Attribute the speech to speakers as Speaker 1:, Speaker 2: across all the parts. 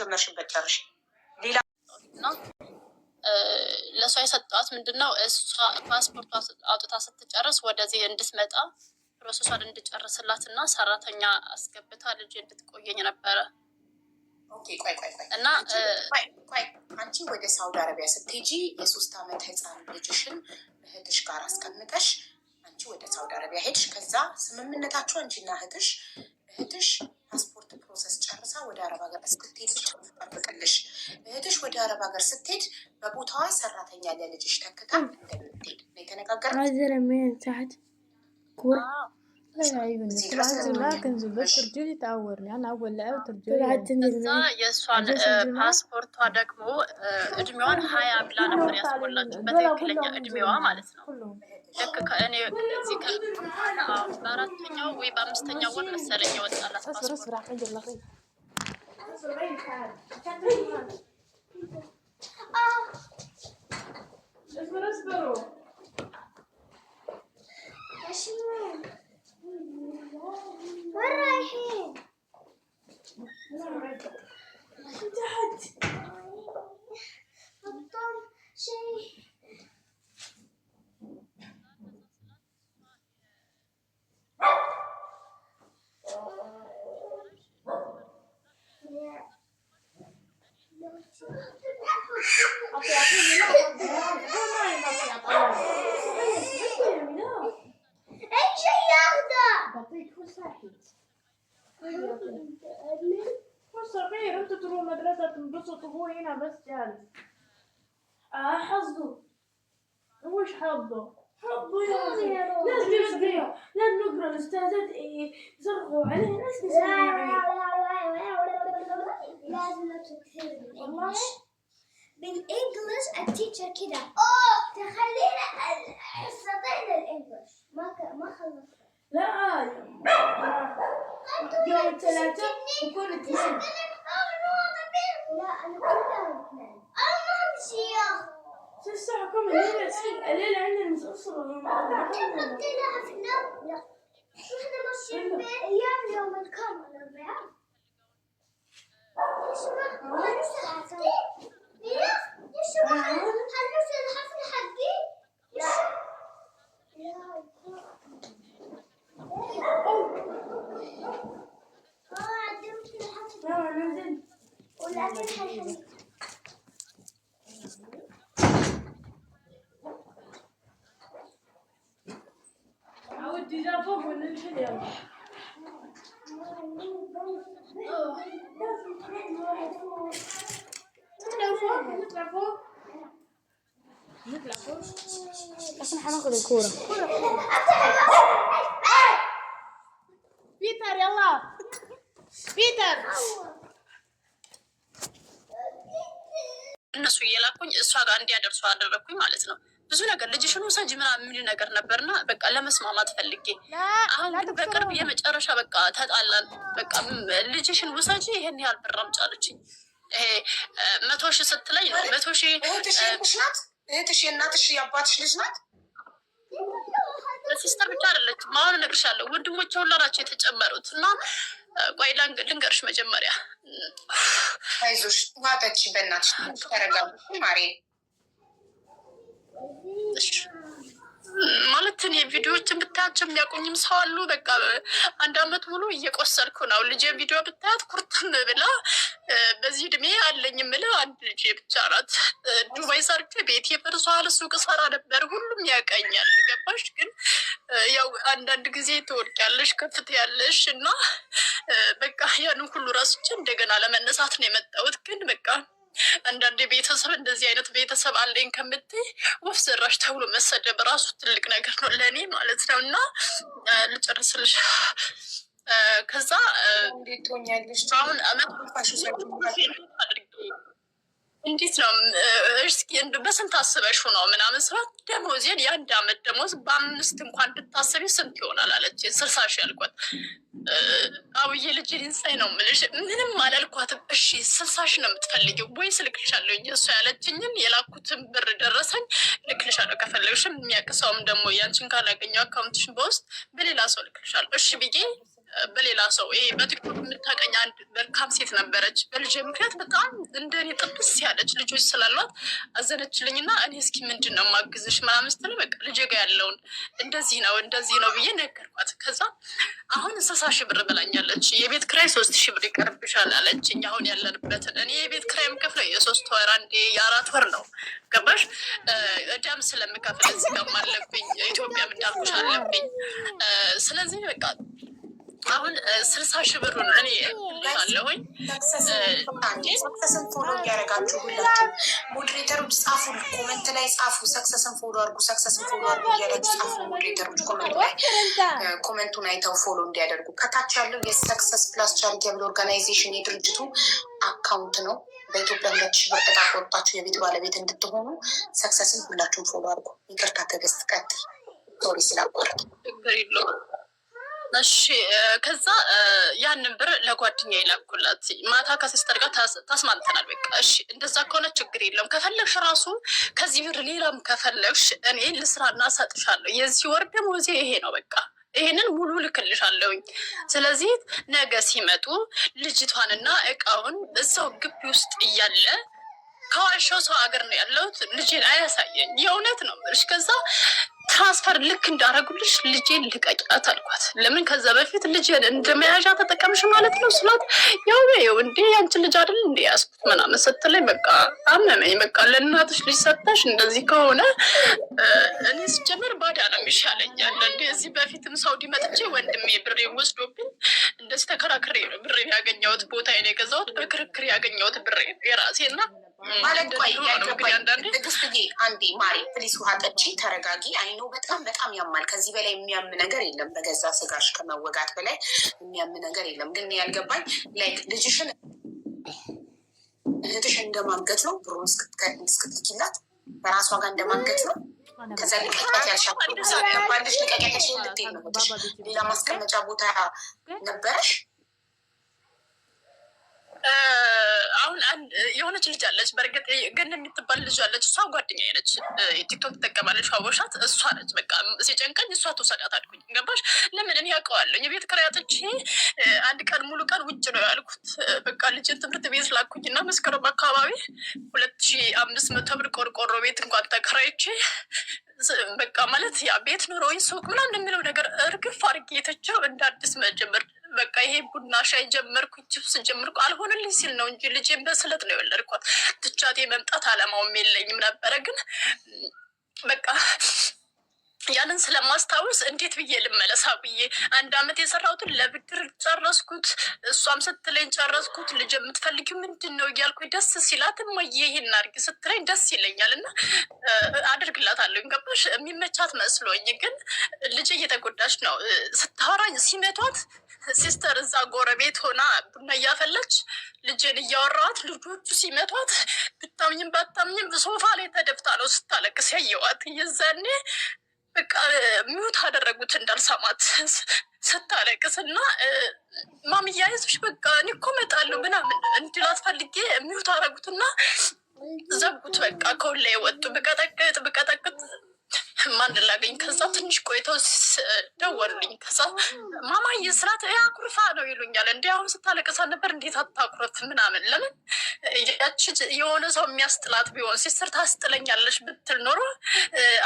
Speaker 1: ከጀመርሽበት ጨርሽ።
Speaker 2: ሌላ ለእሷ የሰጠዋት ምንድን ነው? እሷ ፓስፖርቷ አውጥታ ስትጨርስ ወደዚህ እንድትመጣ ፕሮሰሷን እንድጨርስላት እና ሰራተኛ አስገብታ ልጅ እንድትቆየኝ ነበረ እና
Speaker 1: አንቺ ወደ ሳውዲ አረቢያ ስትሄጂ የሶስት ዓመት ህፃን ልጅሽን እህትሽ ጋር አስቀምጠሽ አንቺ ወደ ሳውዲ አረቢያ ሄድሽ። ከዛ ስምምነታችሁ አንቺና እህትሽ እህትሽ ፓስፖርት ፕሮሰስ ወደ አረብ ሀገር ስትሄድ ብቻ ጠብቅልሽ። እህትሽ ወደ አረብ ሀገር ስትሄድ በቦታዋ ሰራተኛ ለልጅሽ ተክታ እንደምትሄድ
Speaker 3: ነው የተነጋገርነው።
Speaker 2: የእሷን ፓስፖርቷ ደግሞ እድሜዋን ሀያ ብላ ነበር ያስሞላችው በትክክለኛ እድሜዋ ማለት ነው። ልክ ከእኔ እዚህ በአራተኛው ወይ በአምስተኛው ወር መሰለኝ የወጣላት
Speaker 3: ፓስፖርት 45 ساعة
Speaker 4: اصبروا
Speaker 5: ماشي وين رايحين؟
Speaker 4: تحت
Speaker 5: الطم شيء
Speaker 4: أستاذات يصرخوا على ناس
Speaker 5: لازم بالإنجلش التيتشر كده أوه تخلينا حصتين الإنجلش ما ما خلصنا
Speaker 4: لا يوم ثلاثة يكون اثنين
Speaker 5: لا أنا كلها اثنين أنا ما عندي سياق
Speaker 4: شو الساعة كم الليلة الليلة عندنا متأخرة
Speaker 5: كيف قلت في النوم؟ لا şimdi yavrumun kanını ver. Şuna bana sardı. Biraz ya şuna hanı sen hafif hadi. Ya. Ya. Aa, dedim ki hadi.
Speaker 4: Ne var ne dedim?
Speaker 5: Ola bir hadi.
Speaker 4: déjà pauvre, on le fait بيتر يلا بيتر
Speaker 2: እነሱ እየላኩኝ እሷ ጋር እንዲያደርሱ አደረግኩኝ ማለት ነው። ብዙ ነገር ልጅሽን ውሰጂ ምናምን የሚል ነገር ነበርና በቃ ለመስማማት ፈልጌ። አሁን በቅርብ የመጨረሻ በቃ ተጣላን። በቃ ልጅሽን ውሰጅ ይሄን ያህል ብር አምጪ አለችኝ። ይሄ መቶ ሺህ ስትለኝ ነው መቶ ሺህ
Speaker 1: ናት። እህትሽ የእናትሽ የአባትሽ ልጅ ናት።
Speaker 2: ሲስተር ብቻ አይደለችም። አሁን እነግርሻለሁ። ወንድሞች ሁላ ናቸው የተጨመሩት እና ቆይ ልንገርሽ መጀመሪያ
Speaker 1: አይዞሽ ዋጠች በእናትሽ ተረጋ ማሬ
Speaker 2: ማለት እኔ ቪዲዮዎችን ብታያቸው የሚያቆኝም ሰው አሉ። በቃ አንድ አመት ሙሉ እየቆሰልኩ ነው። ልጄ ቪዲዮ ብታያት ኩርትም ብላ በዚህ እድሜ አለኝ የምለው አንድ ልጄ ብቻ ናት። ዱባይ ሰርቼ ቤት የፈርሷል ሱቅ ሰራ ነበር። ሁሉም ያቀኛል። ገባሽ? ግን ያው አንዳንድ ጊዜ ትወድቂያለሽ፣ ከፍት ያለሽ እና በቃ ያንን ሁሉ ራስቼ እንደገና ለመነሳት ነው የመጣሁት። ግን በቃ አንዳንድ ቤተሰብ እንደዚህ አይነት ቤተሰብ አለኝ ከምትይ ወፍ ዘራሽ ተብሎ መሰደብ ራሱ ትልቅ ነገር ነው ለእኔ ማለት ነው። እና ልጨርስልሽ። ከዛ አሁን አመት አድርጌ እንዴት ነው እስኪ በስንት አስበሽ ነው ምናምን ስራት ደሞዜን የአንድ አመት ደሞዝ በአምስት እንኳን ብታስቢ ስንት ይሆናል አለች። ስልሳ ሺ አልኳት አብዬ ልጅ ሊንሳይ ነው ምልሽ ምንም አላልኳትም። እሺ ስልሳ ሺ ነው የምትፈልጊው ወይስ እልክልሻለሁ እሱ ያለችኝን የላኩትን ብር ደረሰኝ እልክልሻለሁ፣ ከፈለግሽም የሚያቅሰውም ደግሞ ያንቺን ካላገኘው አካውንትሽን በውስጥ በሌላ ሰው እልክልሻለሁ እሺ ብዬ በሌላ ሰው ይሄ በቲክቶክ የምታቀኝ አንድ መልካም ሴት ነበረች። በልጅ ምክንያት በጣም እንደኔ እኔ ጥብስ ያለች ልጆች ስላሏት አዘነችልኝ እና እኔ እስኪ ምንድን ነው ማግዝሽ ምናምን ስትለኝ በቃ ልጄ ጋ ያለውን እንደዚህ ነው እንደዚህ ነው ብዬ ነገርኳት። ከዛ አሁን እንስሳ ሺህ ብር ብላኛለች። የቤት ክራይ ሶስት ሺህ ብር ይቀርብሻል አለችኝ። አሁን ያለንበትን እኔ የቤት ክራይም የምከፍለው የሶስት ወር አንዴ የአራት ወር ነው ገባሽ? እዳም ስለምከፍል እዚህ ጋርም አለብኝ ኢትዮጵያም እንዳልኩሽ አለብኝ። ስለዚህ በቃ አሁን ስልሳ ሺህ ብሩን እኔ አለሁኝ
Speaker 1: ሰክሰስን ፎሎ እያደረጋችሁ ሁላችሁ ሞዴሬተሮች ጻፉ፣ ኮመንት ላይ ጻፉ። ሰክሰስን ፎሎ አድርጉ፣ ሰክሰስን ፎሎ አድርጉ እያደረጉ ጻፉ። ሞዴሬተሮች ኮመንት ላይ ኮመንቱን አይተው ፎሎ እንዲያደርጉ። ከታች ያለው የሰክሰስ ፕላስ ቻሪቴብል ኦርጋናይዜሽን የድርጅቱ አካውንት ነው። በኢትዮጵያ ሁለት ሺህ ብር ቅጣት ወጣችሁ የቤት ባለቤት እንድትሆኑ ሰክሰስን ሁላችሁም ፎሎ አድርጉ። ይቅርታ ተገስት ቀጥል ቶሪ ስላቋረጥ
Speaker 2: እሺ ከዛ ያንን ብር ለጓደኛ ይላኩላት። ማታ ከሲስተር ጋር ታስማምተናል። በቃ እሺ እንደዛ ከሆነ ችግር የለውም። ከፈለግሽ ራሱ ከዚህ ብር ሌላም ከፈለግሽ እኔ ልስራ እና የዚህ ወር ደሞዜ ይሄ ነው። በቃ ይሄንን ሙሉ ልክልሻለሁኝ። ስለዚህ ነገ ሲመጡ ልጅቷንና እቃውን እዛው ግቢ ውስጥ እያለ ከዋሻው ሰው ሀገር ነው ያለሁት ልጅን አያሳየኝ። የእውነት ነው እሺ ከዛ ትራንስፈር ልክ እንዳረጉልሽ ልጄን ልቀቂያት አልኳት። ለምን ከዛ በፊት ልጄን እንደመያዣ ተጠቀምሽ ማለት ነው ስላት፣ ያው ያው እንዲ ያንቺን ልጅ አይደል እንዲ ያዝኩት ምናምን ስትለኝ፣ በቃ አመመኝ። በቃ ለእናትሽ ልጅ ሰጥተሽ እንደዚህ ከሆነ እኔ ስጀምር ባዳ ነው የሚሻለኝ። አንዳንዴ እዚህ በፊትም ሳውዲ መጥቼ ወንድሜ ብሬ ወስዶብኝ እንደዚህ ተከራክሬ ብሬ ያገኘሁት ቦታ የገዛሁት በክርክር ያገኘሁት ብሬ የራሴ ና
Speaker 1: ማለት ቆይ ትዕግስትዬ፣ አንዴ ማሪ ፕሊስ፣ ውሃ ጠጪ፣ ተረጋጊ። አይኖ በጣም በጣም ያማል። ከዚህ በላይ የሚያም ነገር የለም። በገዛ ስጋሽ ከመወጋት በላይ የሚያም ነገር የለም። ግን ያልገባኝ ላይክ ልጅሽን እህትሽ እንደማንገት ነው ብሩን እስክትኪላት በራሷ ጋር እንደማንገት ነው። ከዛ ልቀቂያት ያልሻባልሽ ልቀቂያት ልትይ ነው። ሌላ ማስቀመጫ ቦታ ነበረሽ
Speaker 2: አሁን የሆነች ልጅ አለች፣ በእርግጥ ገን የምትባል ልጅ አለች። እሷ ጓደኛ ነች፣ ቲክቶክ ትጠቀማለች። ሻወሻት እሷ ነች። በቃ ሲጨንቀኝ እሷ ተውሰዳት አልኩኝ። ገባሽ? ለምን እኔ ያውቀዋለሁ። የቤት ኪራይ አንድ ቀን ሙሉ ቀን ውጭ ነው ያልኩት። በቃ ልጅን ትምህርት ቤት ላኩኝ እና መስከረም አካባቢ ሁለት ሺ አምስት መቶ ብር ቆርቆሮ ቤት እንኳን ተከራይቼ በቃ ማለት ያ ቤት ኑሮኝ ሱቅ ምናምን የሚለው ነገር እርግፍ አድርጌ የተቸው እንደ አዲስ መጀመር በቃ ይሄ ቡና ሻይ ጀመርኩ፣ ጅብስ ጀመርኩ አልሆነልኝ ሲል ነው እንጂ ልጄን በስለት ነው የወለድኳት። ትቻቴ መምጣት አላማውም የለኝም ነበረ ግን በቃ ያንን ስለማስታወስ እንዴት ብዬ ልመለሳ ብዬ አንድ አመት የሰራሁትን ለብድር ጨረስኩት። እሷም ስትለኝ ጨረስኩት። ልጅ የምትፈልጊው ምንድን ነው እያልኩ ደስ ሲላት እማዬ ይህን አድርጊ ስትለኝ ደስ ይለኛል እና አድርግላታለሁ። ገባሽ? የሚመቻት መስሎኝ ግን ልጅ እየተጎዳች ነው። ስታወራኝ ሲመቷት ሲስተር እዛ ጎረቤት ሆና ቡና እያፈለች ልጅን እያወራዋት ልጆቹ ሲመቷት ብታምኝም ባታምኝም ሶፋ ላይ ተደፍታ ነው ስታለቅስ ያየዋት የዛኔ በቃ ሚውት አደረጉት እንዳልሰማት ስታለቅስ እና ማሚዬ አይዞሽ በቃ እኔ እኮ እመጣለሁ ምናምን እንድላት ፈልጌ ሚውት አደረጉትና ዘጉት። በቃ ከሁላ የወጡ ብቀጠቅጥ ብቀጠቅጥ ማን ላገኝ። ከዛ ትንሽ ቆይተው ደወሉልኝ። ከዛ ማማ የስራት አኩርፋ ነው ይሉኛል። እንዲ አሁን ስታለቅሳ ነበር እንዴት አታኩረት ምናምን። ለምን ያች የሆነ ሰው የሚያስጥላት ቢሆን ሲስር ታስጥለኛለች ብትል ኖሮ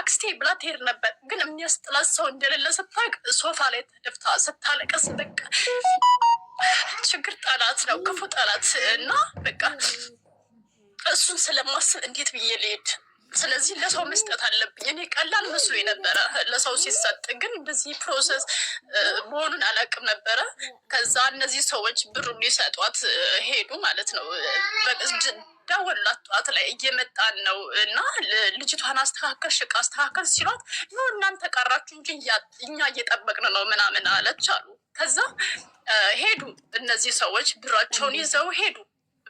Speaker 2: አክስቴ ብላ ትሄድ ነበር። ግን የሚያስጥላት ሰው እንደሌለ ስታቅ ሶፋ ላይ ተደፍታ ስታለቀስ በቃ ችግር ጠላት ነው ክፉ ጠላት እና በቃ እሱን ስለማስብ እንዴት ብዬ ልሄድ ስለዚህ ለሰው መስጠት አለብኝ። እኔ ቀላል መስሎ ነበረ ለሰው ሲሰጥ፣ ግን በዚህ ፕሮሰስ መሆኑን አላውቅም ነበረ። ከዛ እነዚህ ሰዎች ብሩ ሊሰጧት ሄዱ ማለት ነው። ደወሉላት ጠዋት ላይ እየመጣን ነው እና ልጅቷን አስተካከል ሽቅ አስተካከል ሲሏት፣ ይሁ እናንተ ቀራችሁ እንጂ እኛ እየጠበቅን ነው ምናምን አለች አሉ። ከዛ ሄዱ እነዚህ ሰዎች ብራቸውን ይዘው ሄዱ።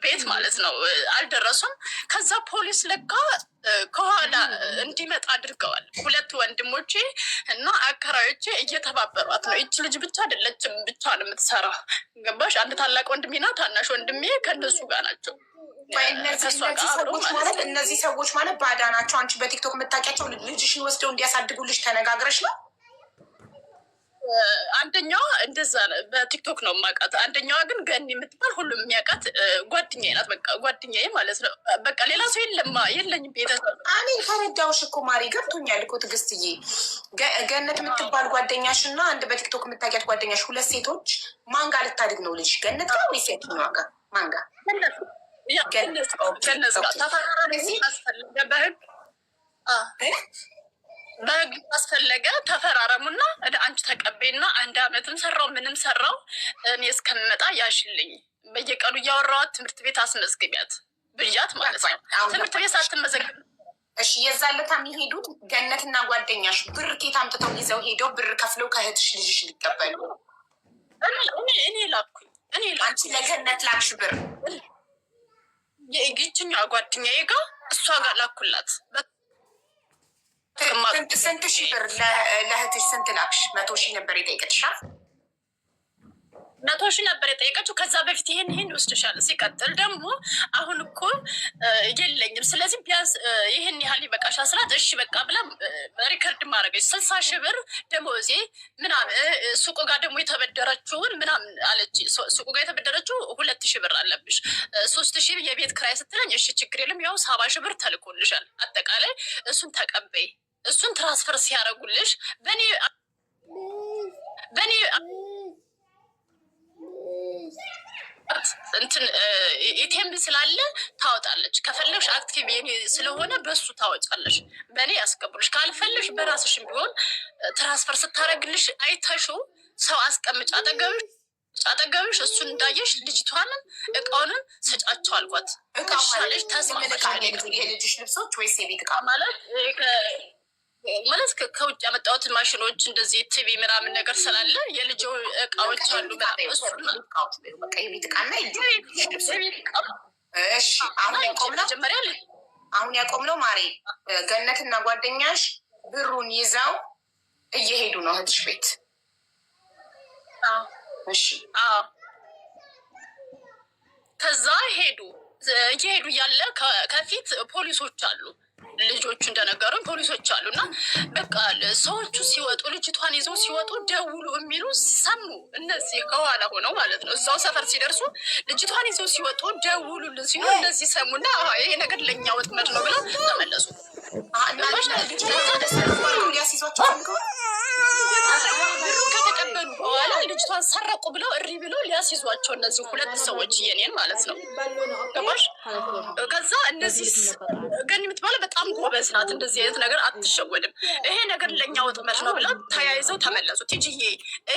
Speaker 2: ቤት ማለት ነው። አልደረሱም። ከዛ ፖሊስ ለካ ከኋላ እንዲመጣ አድርገዋል። ሁለት ወንድሞቼ እና አከራዮቼ እየተባበሯት ነው። ይች ልጅ ብቻ አይደለችም ነው የምትሰራ ገባሽ? አንድ ታላቅ ወንድሜና ታናሽ ወንድሜ ከነሱ ጋር ናቸው።
Speaker 1: እነዚህ ሰዎች ማለት ባዳ ናቸው። አንቺ በቲክቶክ የምታውቂያቸው ልጅሽ ወስደው እንዲያሳድጉልሽ ተነጋግረሽ ነው
Speaker 2: አንደኛዋ እንደዛ በቲክቶክ ነው የማውቃት። አንደኛዋ ግን ገኒ የምትባል ሁሉም የሚያውቃት ጓደኛዬ ናት። በቃ ጓደኛዬ ማለት ነው። በቃ ሌላ ሰው የለማ የለኝም። ቤተሰብ
Speaker 1: እኔ ተረዳሁሽ እኮ ማሪ፣ ገብቶኛል እኮ ትዕግስትዬ። ገነት የምትባል ጓደኛሽ እና አንድ በቲክቶክ የምታውቂያት ጓደኛሽ፣ ሁለት ሴቶች ማንጋ ልታድግ ነው ልጅ ገነት ጋር ወይ ሴት ነው ዋጋ ማንጋ
Speaker 2: ገነት ጋር ተፈራራ በህግ በህግ አስፈለገ ተፈራረሙና አንቺ ተቀበይና አንድ አመትም ሰራው ምንም ሰራው እኔ እስከምመጣ ያሽልኝ በየቀኑ እያወራዋት ትምህርት ቤት አስመዝግቢያት ብያት ማለት ነው። ትምህርት ቤት ሳትመዘግብ
Speaker 1: እሺ። የዛ ለታ የሚሄዱት ገነትና ጓደኛሽ ብር ኬት አምጥተው ይዘው ሄደው ብር ከፍለው ከእህትሽ ልጅሽ ሊቀበሉ እኔ ላኩኝ። እኔ አንቺ ለገነት ላክሽ ብር
Speaker 2: ይችኛ ጓደኛዬ ጋ እሷ ጋር ላኩላት።
Speaker 1: ስንት ሺህ ብር ለእህትሽ ስንት ላክሽ? መቶ ሺህ ነበር የጠየቀችሽ?
Speaker 2: መቶ ሺህ ነበር የጠየቀችው። ከዛ በፊት ይህን ይህን ይወስድሻል። ሲቀጥል ደግሞ አሁን እኮ የለኝም፣ ስለዚህ ቢያንስ ይህን ያህል ይበቃሻል ስላት እሺ በቃ ብላ ሪከርድ ማድረገች። ስልሳ ሺህ ብር ደሞዜ ምናምን ሱቁ ጋር ደግሞ የተበደረችውን ምናምን አለች። ሱቁ ጋር የተበደረችው ሁለት ሺህ ብር አለብሽ፣ ሶስት ሺህ የቤት ክራይ ስትለኝ እሺ ችግር የለም ያው ሰባ ሺህ ብር ተልኮልሻል፣ አጠቃላይ እሱን ተቀበይ እሱን ትራንስፈር ሲያደርጉልሽ በእኔ በእኔ እንትን ኢቴምብ ስላለ ታወጣለች። ከፈለግሽ አክቲቭ የኔ ስለሆነ በሱ ታወጫለሽ። በእኔ ያስቀብሉሽ፣ ካልፈለግሽ በራስሽም ቢሆን ትራንስፈር ስታደርግልሽ አይተሹ ሰው አስቀምጭ አጠገብሽ አጠገብሽ እሱን እንዳየሽ ልጅቷንም እቃውንም ስጫቸው አልኳት።
Speaker 1: እቃ ማለሽ ተስማ ልጅሽ ልብሶች ወይስ የቤት እቃ
Speaker 2: ማለት ምንስ ከውጭ ያመጣሁትን ማሽኖች እንደዚህ ቲቪ ምናምን ነገር ስላለ የልጆ እቃዎች አሉ።
Speaker 1: አሁን ነው ማሬ ገነትና ጓደኛሽ ብሩን ይዘው እየሄዱ ነው እህትሽ ቤት።
Speaker 2: ከዛ ሄዱ እየሄዱ እያለ ከፊት ፖሊሶች አሉ ልጆቹ እንደነገሩ ፖሊሶች አሉ እና በቃ ሰዎቹ ሲወጡ ልጅቷን ይዘው ሲወጡ ደውሉ የሚሉ ሰሙ። እነዚህ ከኋላ ሆነው ማለት ነው። እዛው ሰፈር ሲደርሱ ልጅቷን ይዘው ሲወጡ ደውሉልን ሲሉ እነዚህ ሰሙና ይሄ ነገር ለእኛ ወጥመድ ነው ብለው ተመለሱ። ከተቀበሉ በኋላ ልጅቷን ሰረቁ ብለው እሪ ብለው ሊያስይዟቸው እነዚህ ሁለት ሰዎች እየኔን ማለት ነው ከዛ እነዚህ ገኒ የምትባለ በጣም ጎበዝ ናት። እንደዚህ አይነት ነገር አትሸወድም። ይሄ ነገር ለእኛ ወጥመድ ነው ብለው ተያይዘው ተመለሱ። ቲጂዬ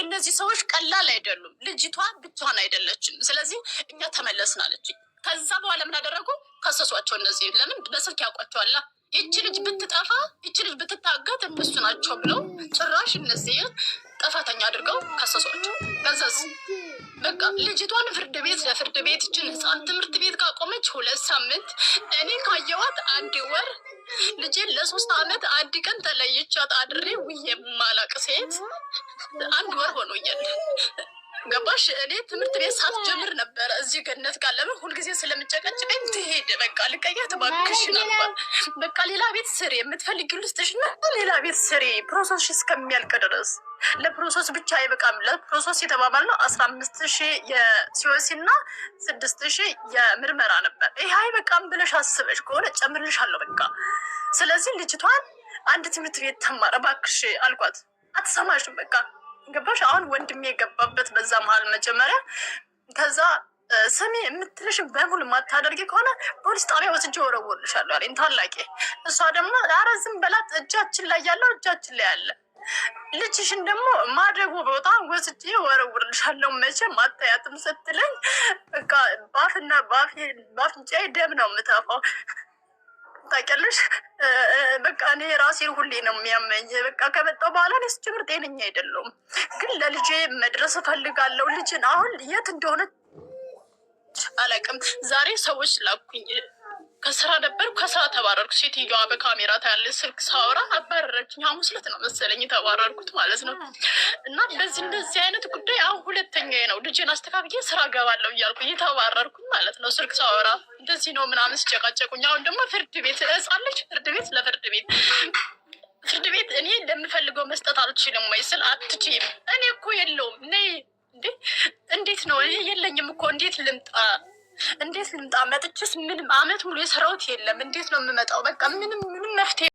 Speaker 2: እነዚህ ሰዎች ቀላል አይደሉም። ልጅቷ ብቻዋን አይደለችም። ስለዚህ እኛ ተመለስን አለች። ከዛ በኋላ ምን አደረጉ? ከሰሷቸው። እነዚህ ለምን በስልክ ያውቋቸዋላ ይቺ ልጅ ብትጠፋ ይቺ ልጅ ብትታገት እነሱ ናቸው ብለው ጭራሽ እነዚህ ጥፋተኛ አድርገው ከሰሷቸው። ከዛስ በቃ ልጅቷን ፍርድ ቤት ለፍርድ ቤት እችን ህፃን ትምህርት ቤት ካቆመች ሁለት ሳምንት እኔ ካየዋት አንድ ወር ልጄን ለሶስት አመት አንድ ቀን ተለይቻት አድሬ ውዬ ማላቅ ሴት አንድ ወር እያለ ገባሽ? እኔ ትምህርት ቤት ሳት ጀምር ነበር እዚህ ገነት ጋር ለምን ሁልጊዜ ስለምጨቀጭቀኝ ትሄድ በቃ ልቀያ ተባክሽ ነበር በቃ ሌላ ቤት ስሪ፣ ልስጥሽ ልስጥሽና ሌላ ቤት ስሪ፣ ፕሮሰስሽ እስከሚያልቅ ድረስ ለፕሮሰስ ብቻ አይበቃም። ለፕሮሰስ የተባባልነው አስራ አምስት ሺህ የሲኦሲ እና ስድስት ሺህ የምርመራ ነበር። ይህ አይበቃም ብለሽ አስበሽ ከሆነ ጨምርልሻለሁ በቃ። ስለዚህ ልጅቷን አንድ ትምህርት ቤት ተማረ እባክሽ አልኳት። አትሰማሽም በቃ ገባሽ? አሁን ወንድሜ የገባበት በዛ መሀል መጀመሪያ ከዛ ስሜ የምትልሽ በሙሉ ማታደርጊ ከሆነ ፖሊስ ጣቢያ ወስጄ ወረወርልሻለሁ አለኝ ታላቂ። እሷ ደግሞ ኧረ ዝም በላት እጃችን ላይ ያለው እጃችን ላይ ያለ ልጅሽን ደግሞ ማድረጉ በጣም ወስጄ ወረውርልሻለሁ መቼም አታያትም ስትለኝ በቃ ባፍና ባፍንጫዬ ደም ነው የምተፋው። ታውቂያለሽ፣ በቃ እኔ ራሴን ሁሌ ነው የሚያመኝ። በቃ ከመጣሁ በኋላ ነስ ችግር ጤነኛ አይደለሁም፣ ግን ለልጄ መድረስ እፈልጋለሁ። ልጅን አሁን የት እንደሆነ አላውቅም። ዛሬ ሰዎች ላኩኝ ከስራ ነበርኩ። ከስራ ተባረርኩ። ሴትዮዋ በካሜራ ታያለ። ስልክ ሳወራ አባረረችኝ። ሐሙስ ዕለት ነው መሰለኝ የተባረርኩት ማለት ነው። እና በዚህ እንደዚህ አይነት ጉዳይ አሁን ሁለተኛ ነው። ልጄን አስተካክዬ ስራ ገባለሁ እያልኩ እየተባረርኩኝ ማለት ነው። ስልክ ሳወራ እንደዚህ ነው ምናምን ስጨቃጨቁኝ። አሁን ደግሞ ፍርድ ቤት እጻለች። ፍርድ ቤት ለፍርድ ቤት ፍርድ ቤት እኔ እንደምፈልገው መስጠት አልችልም ወይ ስል አትችይም። እኔ እኮ የለውም እንዴ! እንዴት ነው የለኝም እኮ እንዴት ልምጣ እንዴት ልምጣ? መጥቼስ ምንም አመት ሙሉ የሰራሁት የለም። እንዴት ነው የምመጣው? በቃ ምንም ምንም መፍትሄ